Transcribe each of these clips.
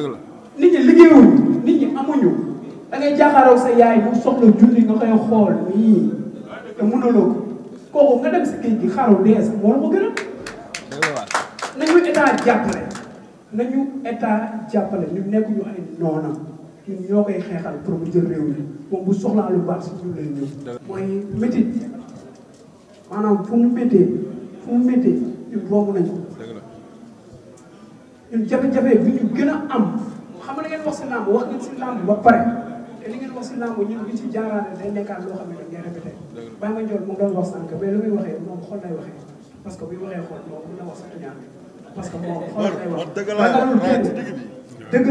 dëgg la nit ñi liggéeyul nit ñi amuñu da ngay jàkkaaroo sa yaay mu soxla junni nga koy xool nii te mënuloo ko kooku nga dem si géej gi xaru dee sax moo la ko gën a nañu état jàppale nañu état jàppale ñu nekk ñu ay noonam ñun ñoo koy xeexal pour mu jël réew mi moom bu soxlaa lu baax si ñu leen ñëw mooy métit maanaam fu mu méttee fu mu méttee nañu ñun jafe-jafe bi ñu gën a am xam nga ngeen wax si làmb wax ngeen si làmb ba pare te li ngeen wax si làmb ñun li ci jaaraale day nekkaat loo xam ne dañ ngay répété baa nga njool mu doon wax sànq waxee moom xool lay waxee parce que buy waxee xool moom mën na wax sax ñaar parce que moom xool lay wax dëgg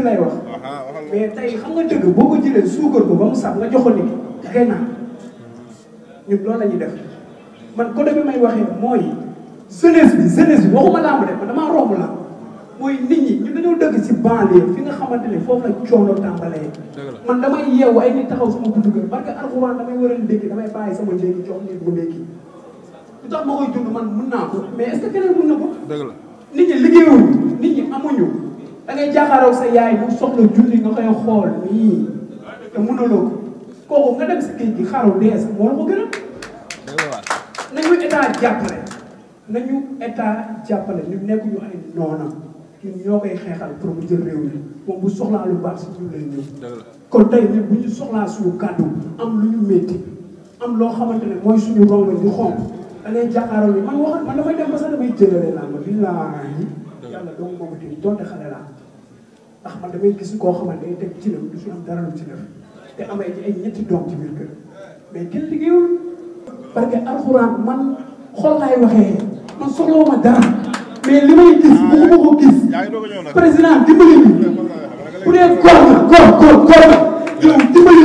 mais tey xam nga dëgg ko jëlee suukar ba mu sax nga jox ko nit loolu la ñuy def man ko bi may waxee mooy jeunesse bi jeunesse bi waxuma làmb de man damaa romb làmb mooy nit ñi ñu dañoo dëgg si banlieue fi nga xamante ne foofu la coono tàmbalee man damay yeewu ay nit taxaw sama buntu kër parce que alxuraan damay war a ndékki damay bàyyi sama léegi jox nit bu ndékki lu tax ma koy man mun naa ko mais est ce que keneen mun na ko dëgg amuñu da ngay jaaxaaraw sa yaay bu soxla julli nga koy xool nii te mënuloo ko kooku nga dem si géej gi xaru dee sax moo la ko gën a nañu état jàppale nañu état ñu nekk ñu ay noonam ñun ñoo koy xeexal pour mu jël réew mi moom bu soxlaa lu baax si ñun lay ñëw. kon tey ñun bu ñu soxlaa suñu kàddu am lu ñu métti am loo xamante ne mooy suñu rongo di xonk da ngay jàkkaarloo ni man waxoon man damay dem ba sax damay jëlale laa ma bii laa yi yàlla doomu moomu tey donte xale laa ndax man damay gis koo ne teg ci la du fi am dara lu ci def te am ay ay ñetti doom ci biir kër mais kenn liggéeyul parce que alxuraan man xol laay waxee man soxlawuma dara mais li may gis président dimbali ñu bu dee góor nga góor góor góor nga yow dimbali